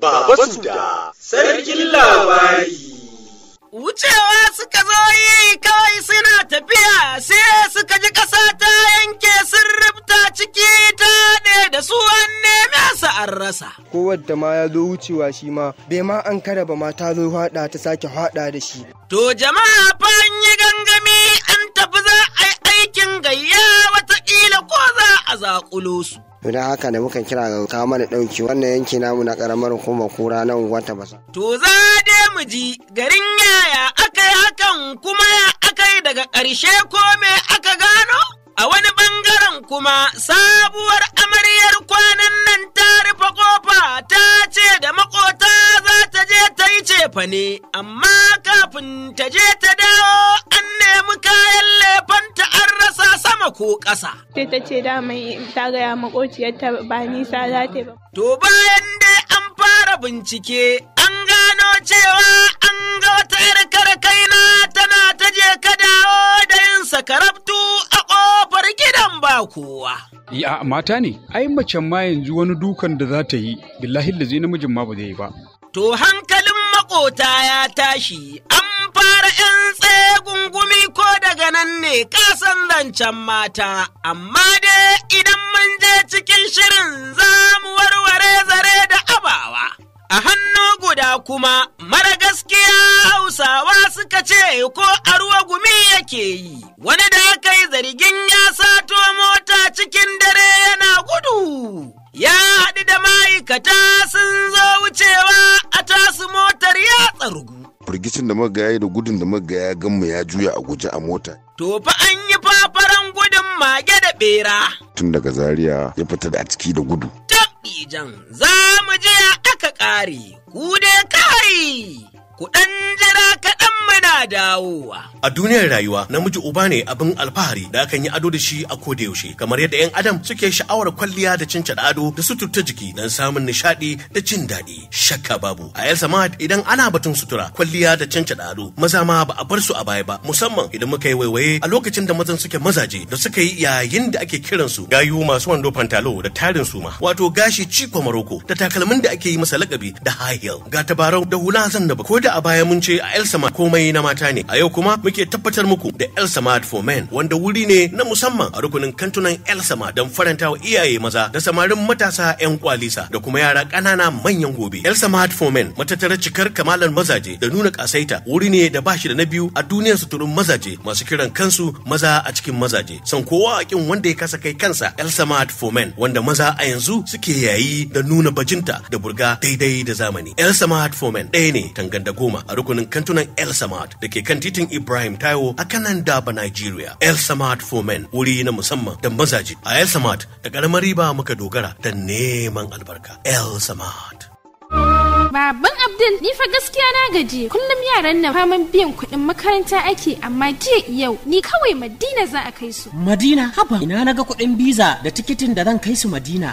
Baba Suda, sarkin labari. Wucewa suka zo yi kawai suna tafiya sai suka ji ƙasa ta yanke sun rubuta ciki ta haɗe da su an neme su an rasa. da ma ya zo wucewa shi ma, bai ma an kada ba ma ta zo haɗa ta sake haɗa da shi. To jama'a fa yi gangami an tafi za a yi aikin gayya wataƙila ko za a zaƙulo su. Idan haka da muka kira ga kawo mana ɗauki wannan yanki namu na ƙaramar kuma kura na wata basa. to za dai mu ji garin yaya aka yi hakan kuma ya aka yi daga ƙarshe ko me aka gano a wani ɓangaren kuma sabuwar amaryar kwanan nan ta rufe kofa ta ce da makota za ta je ta yi cefa amma kafin ta je ta dawo an nemi kayan ko ƙasa. Sai ta ce mai ta gaya makociyarta ba nisa za ta ba. To bayan dai an fara bincike an gano cewa an ga wata yar karkaina tana ta je ka dawo da yin sakarabtu a ƙofar gidan ba kowa. Ya mata ne, ai macen ma yanzu wani dukan da za ta yi, billahi da zai namijin ma ba zai yi ba. to hankalin makota ya tashi, an fara ‘yan tsaye gungumi ko daga nan ne kasan zancen mata, amma dai idan mun je cikin shirin za mu warware zare da abawa. A hannu guda kuma mara gaskiya hausawa suka ce ko a ruwa gumi yake yi, wani da aka yi zargin ya sato mota cikin dare yana gudu. ya haɗu da ma'aikata sun zo wucewa a tasu motar ya tsarugu. firgicin da magaya da gudun da magaya ganmu ya juya a guje a mota. To fa an yi fafaran gudun mage da bera. Tun daga Zariya ya fita da a ciki da gudu. Tabbijan za mu je aka ƙare, ku dai kai. ku ɗan jira kaɗan muna dawowa. A duniyar rayuwa namiji uba ne abin alfahari da akan yi ado da shi a ko da yaushe kamar yadda 'yan adam suke sha'awar kwalliya da cin ado da ta jiki don samun nishaɗi da jin daɗi shakka babu. A el samad idan ana batun sutura kwalliya da cin ado maza ma ba a bar su a baya ba musamman idan muka yi waiwaye a lokacin da mazan suke mazaje da suka yi yayin da ake kiran kiransu gayu masu wando pantalo da tarin suma wato gashi ciko maroko da takalmin da ake yi masa lakabi da high heel ga tabarau da hula zan da ko da da a baya mun ce a El Samad komai na mata ne a yau kuma muke tabbatar muku da El Samad for men wanda wuri ne na musamman a rukunin kantunan El Samad don faranta wa iyaye maza da samarin matasa 'yan kwalisa da kuma yara ƙanana manyan gobe. El Samad for men matattara cikar kamalan mazaje da nuna kasaita. wuri ne da bashi da na biyu a duniyar suturin mazaje masu kiran kansu maza a cikin mazaje. San kowa a wanda ya kasa kai kansa El Samad for men wanda maza a yanzu suke yayi da nuna bajinta da burga daidai da zamani. El Samad for men ɗaya ne tangan da goma a rukunin kantunan El Samad da ke kan titin Ibrahim Taiwo a kanan Daba, Nigeria. El Samad for Men wuri na musamman da mazaje A El Samad da ƙaramar riba muka dogara da neman albarka. El Samad. Baban Abdul ni fa gaskiya na gaji kullum yaran na faman biyan kuɗin makaranta ake amma jiya yau ni kawai Madina za a kai su. Madina haba ina na ga kuɗin biza da tikitin da zan kai su Madina.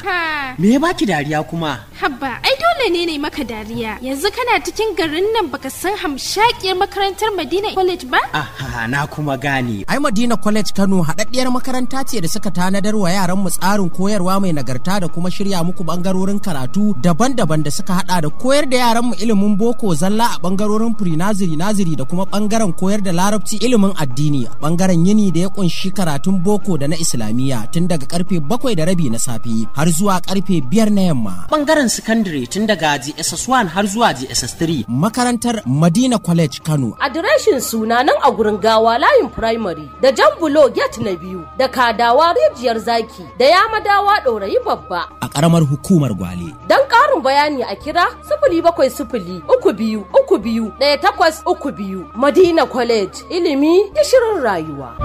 Me ya baki dariya kuma? Haba ai dole ne ne maka dariya yanzu kana cikin garin nan baka san hamshakiyar makarantar Madina College ba? Aha na kuma gane. Ai Madina College Kano haɗaɗɗiyar makaranta ce da suka tanadar wa yaran mu tsarin koyarwa mai nagarta da kuma shirya muku bangarorin karatu daban-daban da suka haɗa da koyar koyar da mu ilimin boko zalla a bangarorin firinaziri naziri da kuma bangaren koyar da larabci ilimin addini a bangaren yini da ya kunshi karatun boko da na islamiyya tun daga karfe bakwai da rabi na safe har zuwa karfe biyar na yamma bangaren sakandare tun daga jss1 har zuwa jss3 makarantar madina college kano adireshin suna nan a gurin gawa layin primary da jan bulo gate na biyu da kadawa rijiyar zaki da ya yamadawa ɗorayi babba a ƙaramar hukumar gwale don ƙarin bayani a kira sifili sifili bakwai sifili uku biyu uku biyu ɗaya takwas uku biyu Madina College ilimi da shirin rayuwa.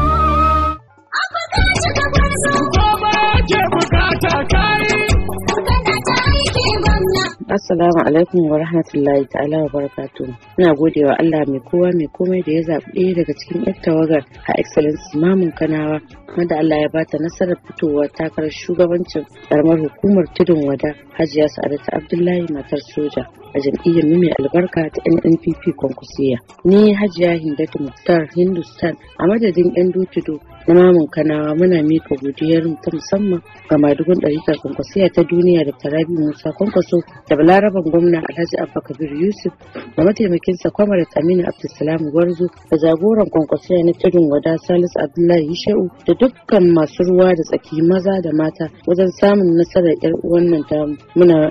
Assalamu alaikum wa rahmatullahi ta'ala wa barakatu. Ina godewa Allah mai kowa mai komai da ya zaɓi ɗaya daga cikin yan tawagar a Excellence Mamun Kanawa wanda Allah ya bata nasarar fitowa takarar shugabancin ƙaramar hukumar tudun wada Hajiya Sa'adatu Abdullahi matar soja. a jam'iyyar mu mai albarka ta NNPP Kwankwasiya. Ni Hajiya Hindatu Muktar Hindustan a madadin 'yan dokido na mamun kanawa muna mika godiyar ta musamman ga madugun ɗarikar kwankwasiya ta duniya da tarabi musa kwankwaso da balaraban gwamna alhaji abba kabir yusuf da mataimakinsa kwamar aminu abdulsalam gwarzo da jagoran kwankwasiya na tudun wada salisu abdullahi shehu da dukkan masu ruwa da tsaki maza da mata wajen samun nasarar yar uwan nan ta muna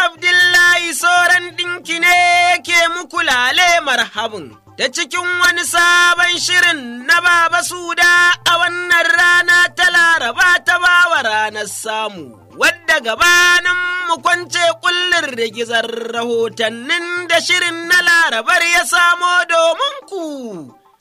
kulale marhabin. Ta cikin wani sabon shirin na Baba Suda a wannan rana ta Laraba ta bawa ranar samu, wadda gabanin mu kwance kullum rigizar rahotannin da shirin na Larabar ya samo domin ku.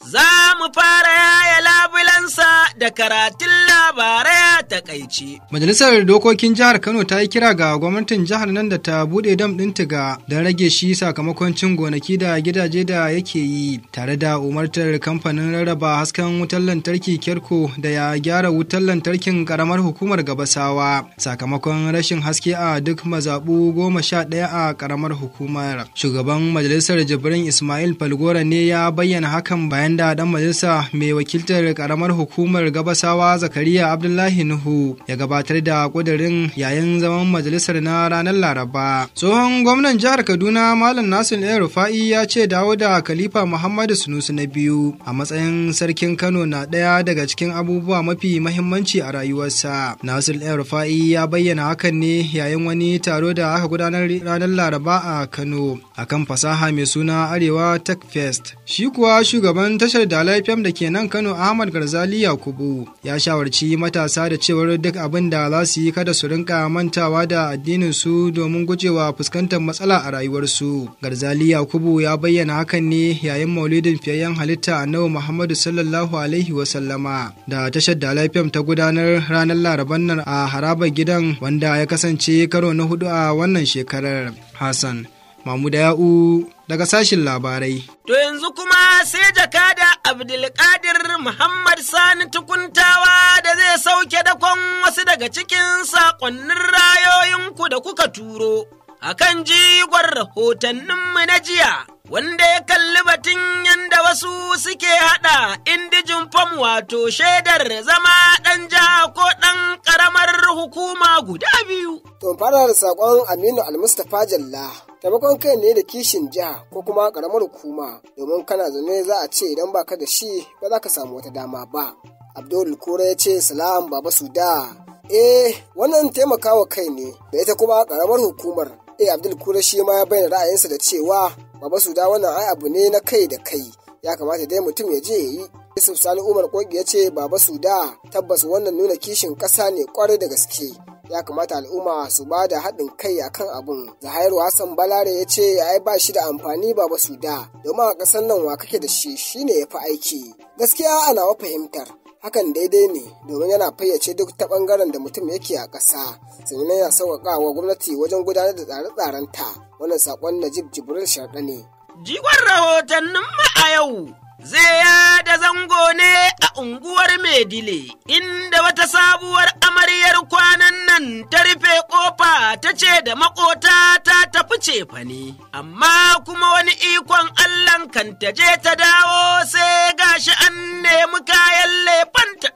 za mu fara yaya labulansa da karatun labarai a takaici. Majalisar Dokokin Jihar Kano ta yi kira ga gwamnatin jihar nan da ta buɗe dam ɗin tiga don rage shi sakamakon cin gonaki da gidaje da yake yi tare da umartar kamfanin rarraba hasken wutar lantarki Kyarko da ya gyara wutar lantarkin karamar hukumar Gabasawa sakamakon rashin haske a duk mazaɓu goma sha ɗaya a karamar hukumar. Shugaban Majalisar Jibrin Ismail Falgora ne ya bayyana hakan bayan yayin da dan majalisa mai wakiltar karamar hukumar gabasawa zakariya abdullahi nuhu ya gabatar da kudirin yayin zaman majalisar na ranar laraba tsohon gwamnan jihar kaduna malam nasir el rufa'i ya ce dawo da khalifa muhammadu sunusu na biyu a matsayin sarkin kano na ɗaya daga cikin abubuwa mafi mahimmanci a rayuwarsa nasir el rufa'i ya bayyana hakan ne yayin wani taro da aka gudanar ranar laraba a kano akan fasaha mai suna arewa tech fest shi kuwa shugaban tashar da da ke nan Kano Ahmad Garzali Yakubu ya shawarci matasa da cewar duk abin da za su yi kada su rinka mantawa da addinin su domin gujewa fuskantar matsala a rayuwarsu. Garzali Yakubu ya bayyana hakan ne yayin maulidin fiyayyen halitta nau Muhammadu sallallahu alaihi wa sallama da tashar da lafiyam ta gudanar ranar Laraban nan a harabar gidan wanda ya kasance karo na hudu a wannan shekarar. Hassan Mamuda Ya'u daga sashin labarai. To yanzu kuma sai jakada Abdulkadir Muhammad Sani tukuntawa da zai sauke dakon wasu daga cikin saƙonnin rayoyinku da kuka turo. A kan jigon rahotanninmu na jiya, wanda ya kalli batun yadda wasu suke haɗa indijin fam wato shaidar zama ɗan ja ko ɗan ƙaramar hukuma guda biyu. To fara da saƙon Aminu Almustapha Jalla. taimakon kai ne da kishin jiha ko kuma karamar hukuma domin kana zaune za a ce idan baka da shi ba za ka samu wata dama ba abdul kura ya ce salam baba da eh wannan taimakawa kai ne da ita kuma karamar hukumar eh abdul kura shi ma ya bayyana ra'ayinsa da cewa baba da wannan ai abu ne na kai da kai ya kamata dai mutum ya je ya yi yusuf sani umar kogi ya ce baba suda tabbas wannan nuna kishin ƙasa ne kwarai da gaske ya kamata al'umma su ba da haɗin kai a kan abun zahairu hassan balare ya ce ya ba shi da amfani ba ba su da domin a ƙasar nan wa kake da shi shine ya fi aiki gaskiya ana wa fahimtar hakan daidai ne domin yana fayyace duk ta ɓangaren da mutum yake a ƙasa sannan yana sauƙaƙa wa gwamnati wajen gudanar da tsare-tsarenta wannan saƙon najib jibril sharɗa ne jigon rahotannin ma a yau zai yada zango ne a unguwar Medile, inda wata sabuwar amaryar kwanan nan ta rufe ƙofa ta ce da maƙota ta tafi cefane, amma kuma wani ikon Allah kan ta je ta dawo sai gashi an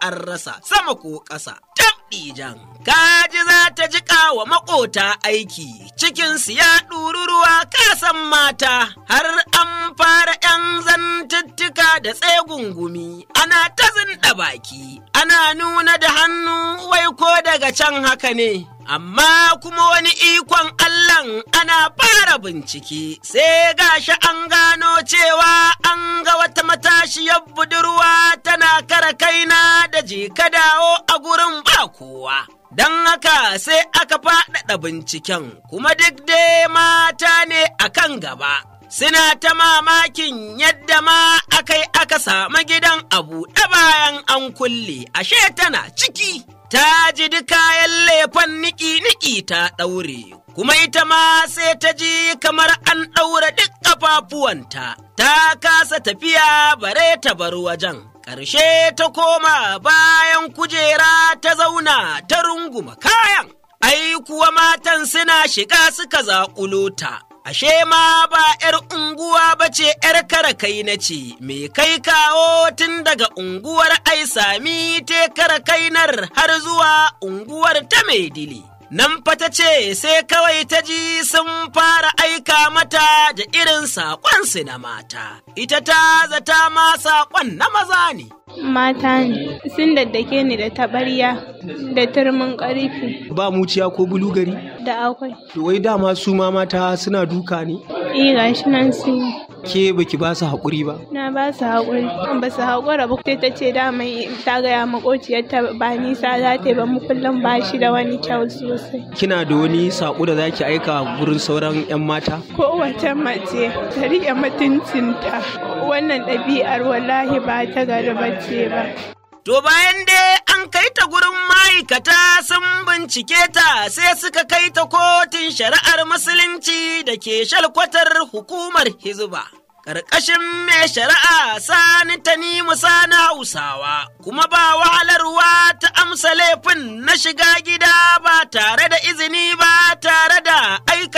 an rasa sama ko ƙasa. Jan. Kaji za ta jiƙa wa makota aiki, cikin ya ɗururuwa kasan mata, har an fara ‘yan zantuttuka da tsegungumi, ana ta zinɗa baki, ana nuna da hannu wai ko daga can haka ne. Amma kuma wani ikon Allahn ana fara bincike, sai gashi an gano cewa an ga wata matashiyar budurwa tana kara kaina da jika dawo a gurin ba kowa. Don haka sai aka faɗaɗa binciken, kuma duk dai mata ne a kan gaba. suna ta mamakin yadda ma akai aka samu gidan abu da bayan an kulle ashe tana ciki ta ji kayan lefan niki-niki ta ɗaure, kuma ita ma sai ta ji kamar an ɗaura duk ƙafafuwanta, ta kasa tafiya bare ta bar wajen. Ƙarshe ta koma bayan kujera ta zauna ta runguma kayan, ai kuwa matan suna shiga suka zaƙulo ta. ashe ma ba ‘yar unguwa ba ce ‘yar kara na ce, me kai kawo tun daga unguwar ai sami te har zuwa unguwar ta mai dili. Nan fata ce sai kawai ta ji sun fara aika mata da irin saƙon su na mata, ita ta zata ma saƙon na maza ne. mata ne sun daddake ni da tabarya da turmin karfi ba muciya ko bulugari da akwai wai dama su ma mata suna duka ne eh shi nan sun ke baki ba su haƙuri ba na ba su haƙuri ba su haƙura ba ta ce dama ta gaya makociyarta ba nisa za ta yi ba mu kullum ba shi da wani kyau sosai kina da wani saƙo da ki aika gurin sauran yan mata kowace mace ta riƙe mutuncinta wannan ɗabi'ar wallahi ba ta gari bace ba To bayan dai an kai ta gurin ma'aikata sun bincike ta sai suka kai ta kotun shari'ar musulunci da ke shalkwatar hukumar Hizba. Ƙarƙashin mai shari'a sani ta ni musa na Hausawa, kuma ba wahalarwa ta amsa laifin na shiga gida ba tare da izini ba.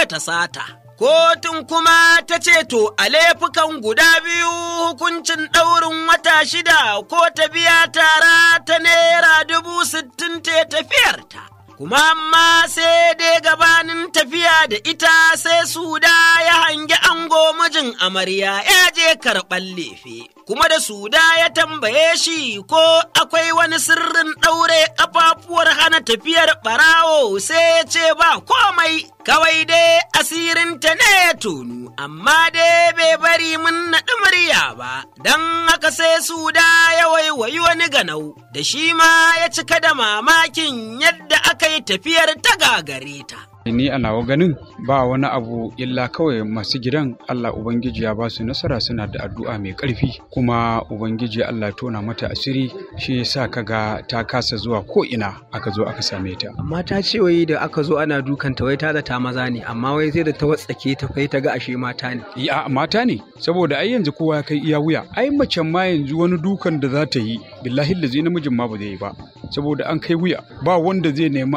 ta sata. Kotun kuma ta ce to a laifukan guda biyu hukuncin ɗaurin wata shida ko ta biya tara ta naira dubu sittin ta tafiyarta. Kuma amma sai dai gabanin tafiya da ita sai suda ya hangi ango mijin amarya ya je karɓar lefe. Kuma da suda ya tambaye shi ko akwai wani sirrin ɗaure ƙafafuwar hana tafiyar ɓarawo sai ya ce ba komai kawai dai asirin ta ne ya tonu, amma dai bai bari mun naɗi murya ba, don haka sai su da ya waiwayi wani ganau, da shi ma ya cika da mamakin yadda aka yi tafiyar ta gagare ta. Ni a nawa ganin ba wani abu illa kawai masu gidan Allah Ubangiji ya ba su nasara suna da addu'a mai ƙarfi kuma Ubangiji Allah tona mata asiri shi sa kaga ta kasa zuwa ko ina aka zo aka same ta. Amma ta ce wai da aka zo ana dukanta wai ta da ta mata maza ne amma wai sai da ta watsake ta kai ta ga ashe mata ne ya mata ne saboda ai yanzu kowa ya kai iya wuya ai mace ma yanzu wani dukan da za ta yi billahi zai namijin ma ba zai yi ba saboda an kai wuya ba wanda zai nemi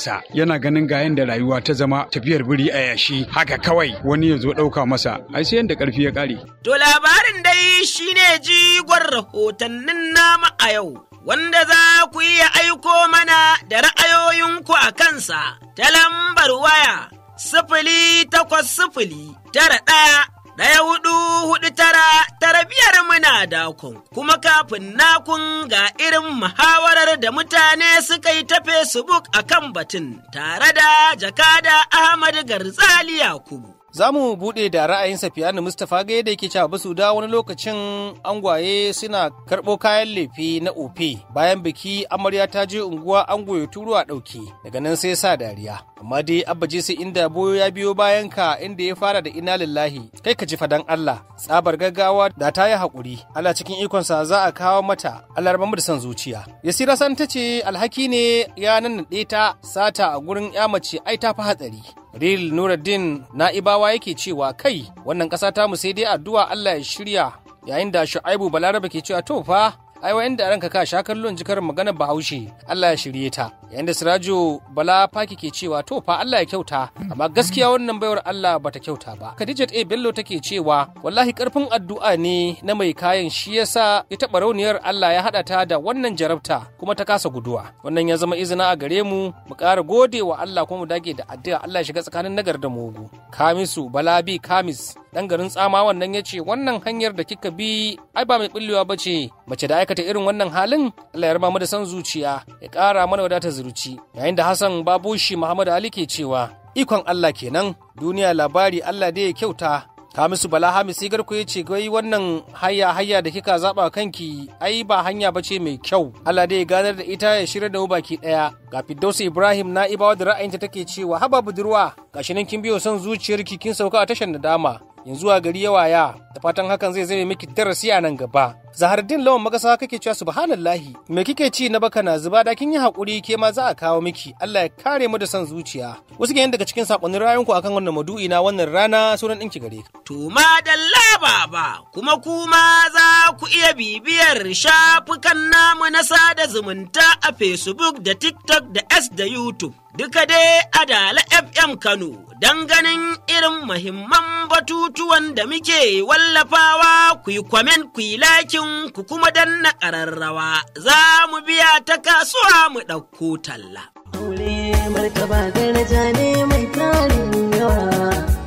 sa, yana ganin ga da rayuwa ta zama tafiyar biri a yashi haka kawai wani ya zo ɗauka masa ai sai yanda ƙarfi ya ƙare to labarin dai shine jigon rahotannin nama a yau wanda za ku iya aiko mana da ra'ayoyinku a kansa ta lambar waya sifili takwas sifili tara ɗaya ɗaya hudu hudu tara tara biyar muna dakon kuma kafin nakun ga irin muhawarar da mutane suka yi ta facebook a kan batun tare da jakada ahmad garzali yakubu Za mu buɗe da ra'ayin Safiyanu Mustapha ga yadda yake cewa basu da wani lokacin angwaye suna karɓo kayan lefe na ofe bayan biki amarya ta je unguwa ango ya turo a ɗauki daga nan sai sa dariya. Amma dai je sai inda boyo ya biyo bayan ka inda ya fara da ina lillahi kai ka ji fadan Allah tsabar gaggawa da ta yi haƙuri Allah cikin ikonsa za a kawo mata Allah alarma da son zuciya. Yasira san ta ce alhaki ne ya nannaɗe ta sata a gurin ya mace ai ta fi hatsari Ril Nuruddin Na'ibawa yake cewa kai wannan ƙasa ta mu sai dai addu'a Allah ya shirya yayin da Shu'aibu Balarabe ke cewa to fa ai wa da ranka ka sha kallon jikar maganar Bahaushe Allah ya shirye ta da sirajo bala faki ke cewa to fa Allah ya kyauta amma gaskiya wannan baiwar Allah bata kyauta ba Khadijat A Bello take cewa wallahi karfin addu'a ne na mai kayan shi yasa ita rauniyar Allah ya hada ta da wannan jarabta kuma ta kasa guduwa wannan ya zama izina a gare mu mu ƙara gode wa Allah kuma mu dage da addu'a Allah shiga tsakanin nagar da mugu Kamisu bi Kamis dan garin tsama wannan ya ce wannan hanyar da kika bi ai ba mai bullewa bace mace da aikata irin wannan halin Allah ya rama mu da san zuciya ya ƙara mana wadata azurci yayin da Hassan Babushi Muhammad Ali ke cewa ikon Allah kenan duniya labari Allah dai ya kyauta Hamisu Bala Hamisu garku ya ce wai wannan haya haya da kika zaba kanki ai ba hanya ba ce mai kyau. Allah dai ganar da ita ya shirya da mu baki daya. Ga Firdausu Ibrahim na ibawa da ra'ayinta take cewa haba budurwa gashi nan kin biyo son zuciyarki kin sauka a tashar nadama. yanzu a gari yawa ya da fatan hakan zai zame miki darasi a nan gaba zahardin lawan magasa kake cewa subhanallahi me kike ci na baka na zuba da kin yi hakuri ke ma za a kawo miki Allah ya kare mu da san zuciya wasu ke daga cikin sakonnin rayuwar ku akan wannan madu'i na wannan rana sunan ɗinki gare ka to ma dalla baba kuma kuma za ku iya bibiyar shafukan namu na sada zumunta a Facebook da TikTok da S da YouTube duka dai Adala FM Kano don ganin irin mahimman batutuwan da muke wallafawa ku yi kwamen ku yi lakin ku kuma danna ƙararrawa za mu biya ta kasuwa mu ɗauko talla. Aure martaba ne mai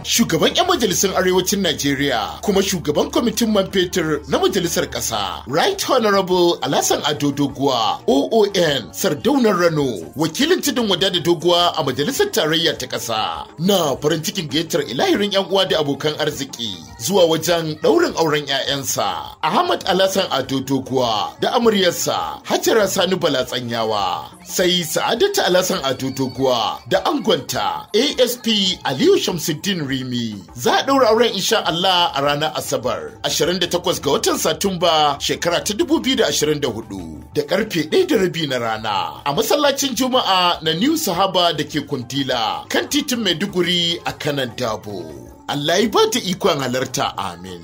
shugaban 'yan majalisar arewacin Najeriya kuma shugaban kwamitin man fetur na majalisar ƙasa. Right Honorable Alasan Ado Doguwa OON Sardaunar Rano wakilin tudun wada da doguwa a majalisar tarayya ta ƙasa. Na farin cikin gayyatar ilahirin 'yan uwa da abokan arziki zuwa wajen ɗaurin auren 'ya'yansa. Ahmad Alasan Ado Doguwa da amaryarsa Hajara Sani Bala Tsanyawa, sai Sa'adatu Alasan Ado Doguwa da angonta ASP Aliyu Shamsuddin Rimi. Za a ɗaura auren insha Allah a ranar Asabar 28 ga watan Satumba shekara ta 2024 da karfe 1 da rabi na rana a masallacin Juma'a na New Sahaba da ke Kuntila kan titin Maiduguri a kanan Dabo. Allah ya ba ta ikon halarta amin.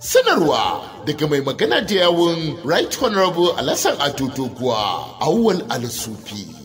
sanarwa daga mai magana da yawun right honorable alassan Atutu kuwa awwal al-sufi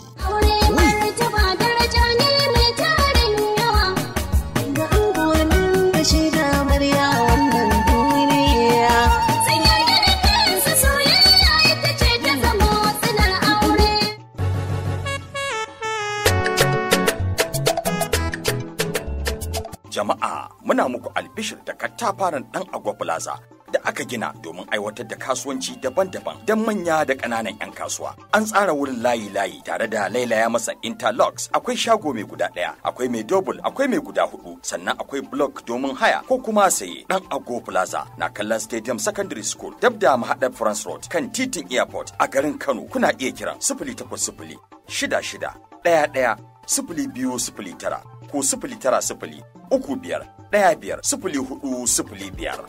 ta fara ɗan agwa plaza da aka gina domin aiwatar da kasuwanci daban-daban don manya da ƙananan 'yan kasuwa. An tsara wurin layi-layi tare da lailaya masa interlocks akwai shago mai guda ɗaya, akwai mai double, akwai mai guda hudu, sannan akwai block domin haya ko kuma saye. Ɗan Ago Plaza na kallon Stadium Secondary School dab da mahaɗar France Road kan titin airport a garin Kano kuna iya kiran sifili takwas sifili shida shida ɗaya ɗaya sifili biyu sifili tara ko sifili tara sifili uku biyar ɗaya biyar sifili hudu sifili biyar.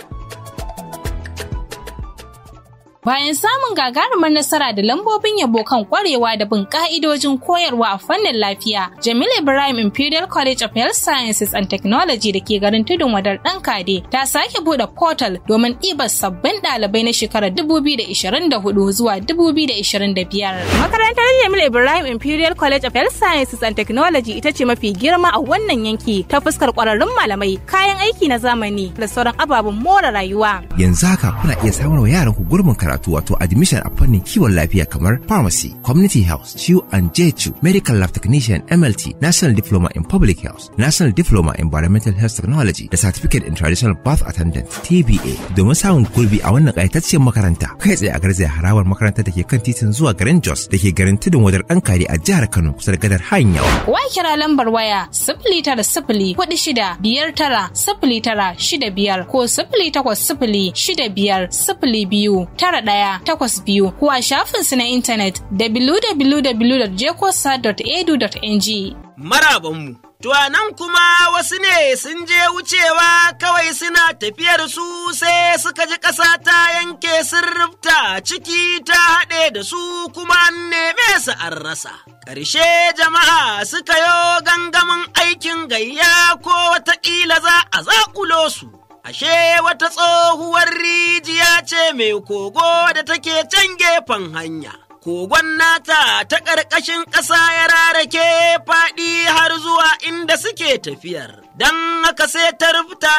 Bayan samun gagarumar nasara da lambobin yabo kan kwarewa da bin ka'idojin koyarwa a fannin lafiya, Jamil Ibrahim Imperial College of Health Sciences and Technology da ke garin Tudun Wadar Kade ta sake buɗe portal domin ɗibar sabbin ɗalibai na shekarar 2024 zuwa 2025. Makarantar Jamil Ibrahim Imperial College of Health Sciences and Technology ita ce mafi girma a wannan yanki ta fuskar ƙwararrun malamai, kayan aiki na zamani da sauran ababen more rayuwa. Yanzu haka kuna iya samun wa ku gurbin karatu wato admission a fannin kiwon lafiya kamar pharmacy, community health, CHU and JHU, medical lab technician MLT, national diploma in public health, national diploma in environmental health technology da certificate in traditional birth attendant TBA. Domin samun gurbi a wannan ƙayatacciyar makaranta, kai tsaye a garzaya harawar makarantar da ke kan titin zuwa garin Jos da ke garin Tudun Wadar Dankari a jihar Kano kusa da gadar hanya. Wai kira lambar waya sifili tara sifili kuɗi shida biyar tara sifili tara shida biyar ko sifili takwas sifili shida biyar sifili biyu tara ɗaya takwas biyu ko a shafinsu na intanet www.jcosa.edu.ng. Marabanmu. To a nan kuma wasu ne sun je wucewa kawai suna tafiyar su sai suka ji ƙasa ta yanke sun rufta ciki ta haɗe da su kuma an neme su an rasa. Ƙarshe jama'a suka yo gangamin aikin gayya ko wataƙila za a zaƙulo su. ashe wata tsohuwar rijiya ce mai kogo da take can gefen hanya. Kogon nata ta ƙarƙashin ƙasa ya rarake faɗi har zuwa inda suke tafiyar, don haka sai ta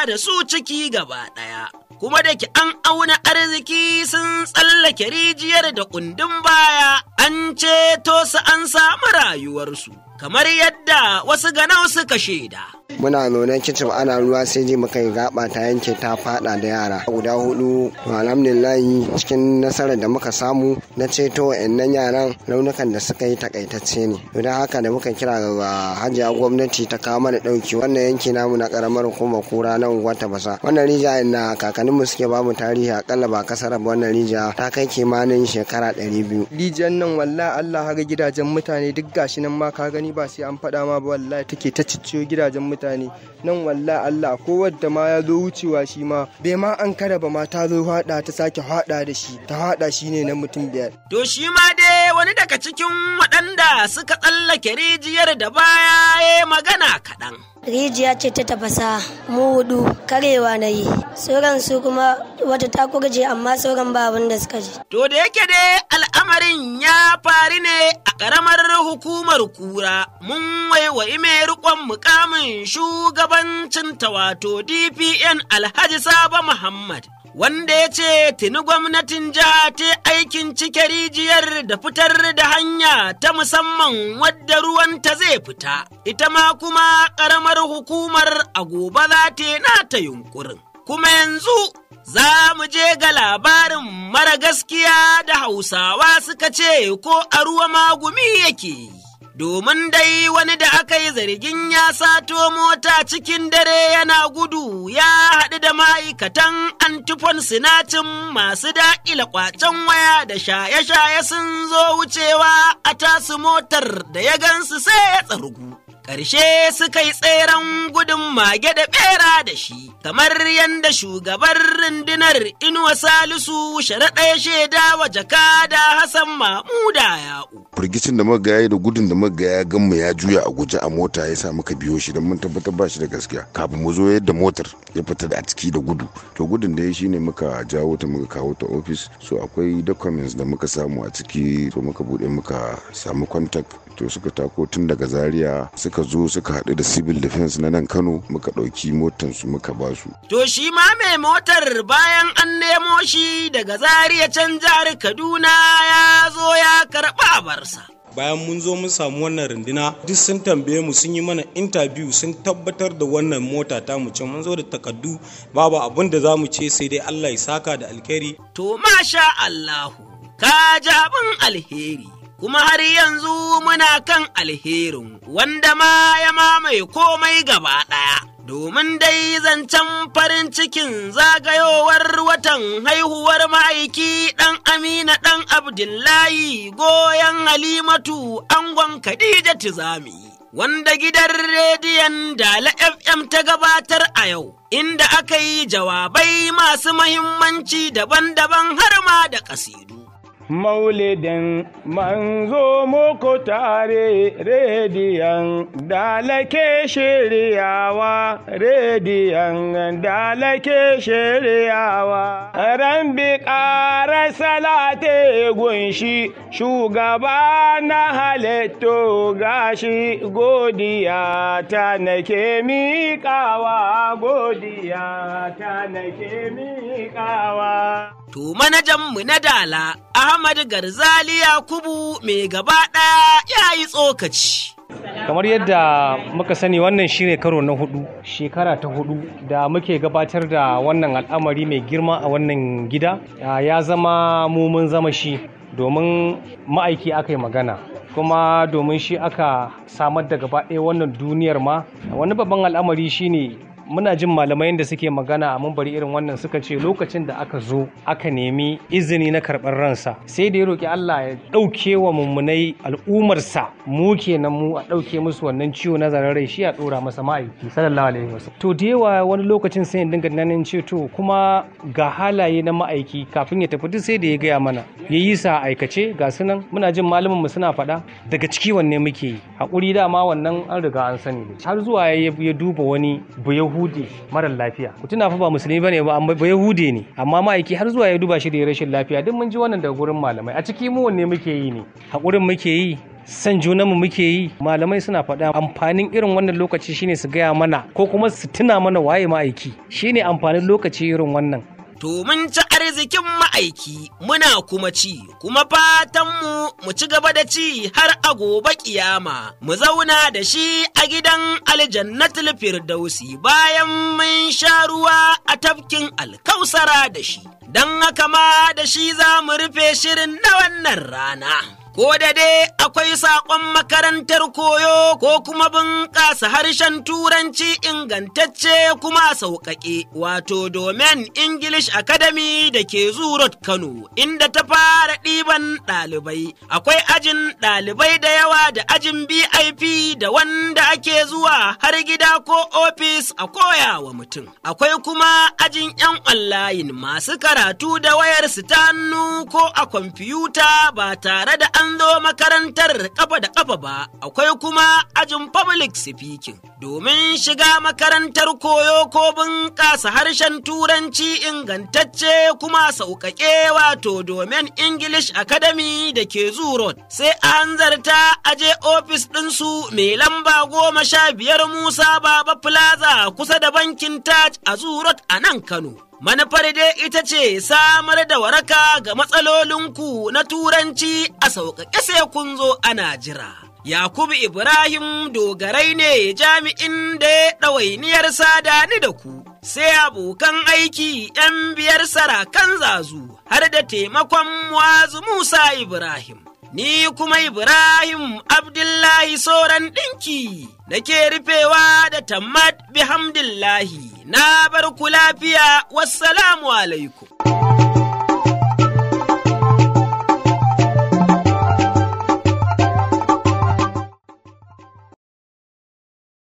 da su ciki gaba ɗaya. Kuma da ki an auna arziki sun tsallake rijiyar da kundin baya, an ceto su an samu rayuwarsu, kamar yadda wasu ganau suka shaida. muna nuna kicin ana ruwa sai ji muka yi gaba ta yanke ta fada da yara guda hudu alhamdulillahi cikin nasarar da muka samu na ceto wa'annan yaran raunukan da suka yi takaitacce ne don haka da muka kira ga hajiya gwamnati ta kawo mana dauki wannan yanki namu na karamar hukumar kura na unguwar basa. wannan rijiya na kakanninmu suke bamu tarihi akalla ba kasar wannan rijiya ta kai kimanin shekara ɗari biyu rijiyar nan wallahi Allah haga gidajen mutane duk gashi nan ma ka gani ba sai an faɗa ma ba wallahi take ta cicciyo gidajen mutane ne nan walla Allah ko wadda ma ya zo wucewa shi ma bai ma an kada ba ma zo hada ta sake hada da shi ta hada shi ne na mutum biyar. To shi ma dai wani daga cikin waɗanda suka tsallake rijiyar da baya ya magana kaɗan. rijiya ce ta tafasa mu hudu karewa na yi sauran su kuma wata ta kurje amma sauran ba abin da suka ji. To da yake da al'amarin ya faru ne a ƙaramar hukumar kura mun waiwayi mai riƙon mukamin shugabancin ta wato DPN Alhaji Saba Muhammad. wanda ya ce tuni gwamnatin jiha ta aikin cike rijiyar da fitar da hanya ta musamman wadda ruwanta zai fita, ita ma kuma ƙaramar kamar hukumar a gobe za ta yi nata yunkurin. Kuma yanzu za mu je ga labarin mara gaskiya da hausawa suka ce ko a ruwa magumi yake Domin dai wani da aka yi zargin ya sato mota cikin dare yana gudu ya haɗu da ma'aikatan antifon sinacin masu da'ila kwacen waya da shaye-shaye sun zo wucewa a tasu motar da ya gansu sai ya tsargu. Karshe suka yi tseren gudun mage da ɓera da shi, kamar yadda shugaban rundunar Inuwa Salisu sharaɗa ya shaida wa jaka da Hassan Mamuda ya'u. Firgicin da magaya da gudun da magaya ganmu ya juya a guje a mota ya sa muka biyo shi don mun tabbatar ba shi da gaskiya. Kafin mu zo yadda motar ya fita da a ciki da gudu. To gudun da ya shi ne muka jawo ta muka kawo ta ofis. So akwai documents da muka samu a ciki to muka buɗe muka samu contact to suka tako tun daga zaria suka zo suka haɗu da civil defense na nan kano muka ɗauki motar su muka ba su. to shi ma mai motar bayan an nemo shi daga zaria can jihar kaduna ya zo ya karɓa barsa. bayan mun zo mun samu wannan runduna duk sun tambaye mu sun yi mana interview sun tabbatar da wannan mota ta mu ce mun zo da takaddu babu abin da zamu ce sai dai Allah ya saka da alkhairi to masha Allahu ka jabin alheri kuma har yanzu muna kan alherin wanda ma ya mamaye komai gaba ɗaya. Domin dai zancen farin cikin zagayowar watan haihuwar ma'aiki ɗan Amina ɗan Abdullahi goyon Halimatu angon Khadija Tizami. wanda gidan rediyon Dala FM ta gabatar a yau, inda aka yi jawabai masu mahimmanci daban-daban har ma da ƙasidu. maulidin manzo muku tare rediyon dalake shiryawa rediyon dalake shiryawa rambi ƙara salate gunshi shugaba na halitto gashi godiya ta nake miƙawa godiya ta nake miƙawa To manajanmu na dala, Ahmad Garzali Yakubu mai gaba ɗaya ya yi tsokaci. kamar yadda muka sani wannan shine karo na hudu shekara ta hudu da muke gabatar da wannan al'amari mai girma a wannan gida ya zama mu mun zama shi domin ma'aiki aka yi magana kuma domin shi aka samar da gaba ɗaya wannan duniyar ma wani babban al'amari shine muna jin malamai da suke magana a bari irin wannan suka ce lokacin da aka zo aka nemi izini na karɓar ransa sai da ya roƙi Allah ya ɗauke wa mummunai al'umarsa mu kenan mu a ɗauke musu wannan ciwo na zarar rai shi a ɗora masa ma'aiki sallallahu alaihi wasallam to da yawa wani lokacin sai ya dinga tunanin ce to kuma ga halaye na ma'aiki kafin ya tafi duk sai da ya gaya mana ya yi sa aikace ga su nan muna jin malamin mu suna faɗa daga ciki wanne muke yi hakuri dama wannan an riga an sani har zuwa ya duba wani buyahu yahudi mara lafiya ku tuna fa ba musulmi bane ba amma ba yahudi ne amma ma'aiki har zuwa ya duba shi da rashin lafiya duk mun ji wannan daga gurin malamai a ciki mu wanne muke yi ne hakurin muke yi san junanmu muke yi malamai suna faɗa amfanin irin wannan lokaci shine su gaya mana ko kuma su tuna mana waye ma'aiki shine amfanin lokaci irin wannan To mun ci arzikin ma'aiki muna kuma ci, kuma fatanmu mu ci gaba da ci har a gobe kiyama, mu zauna da shi a gidan aljannatul firdausi bayan mun sha ruwa a tafkin alkausara da shi. Don haka ma da shi za mu rufe shirin na wannan rana. ko da dai akwai saƙon makarantar koyo ko kuma bunƙasa harshen turanci ingantacce kuma sauƙaƙe wato domin English Academy da ke Zurot Kano inda ta fara ɗiban ɗalibai. Akwai ajin ɗalibai da yawa da ajin BIP da wanda ake zuwa har gida ko ofis a koya wa mutum. Akwai kuma ajin 'yan online masu karatu da wayar su ta hannu ko a kwamfuta ba tare da an an zo makarantar kafa da kafa ba, akwai kuma ajin public speaking. domin shiga makarantar koyo ko bunƙasa harshen turanci ingantacce kuma sauƙaƙe wato domin English Academy da ke Zurot. Sai a hanzarta aje ofis ɗinsu mai lamba goma sha biyar Musa Baba Plaza kusa da bankin Taj a Zurot a nan Kano. manufar dai ita ce samar da waraka ga matsalolinku na turanci a sauƙaƙe sai kun zo ana jira. Yakubu Ibrahim dogarai ne jami'in da ya ɗawainiyar ni da ku, sai abokan aiki ‘yan biyar sarakan zazu har da taimakon wazu Musa Ibrahim. Ni kuma Ibrahim Abdullahi sauran ɗinki nake rufewa da tammad bihamdillahi na bar ku lafiya wassalamu alaikum.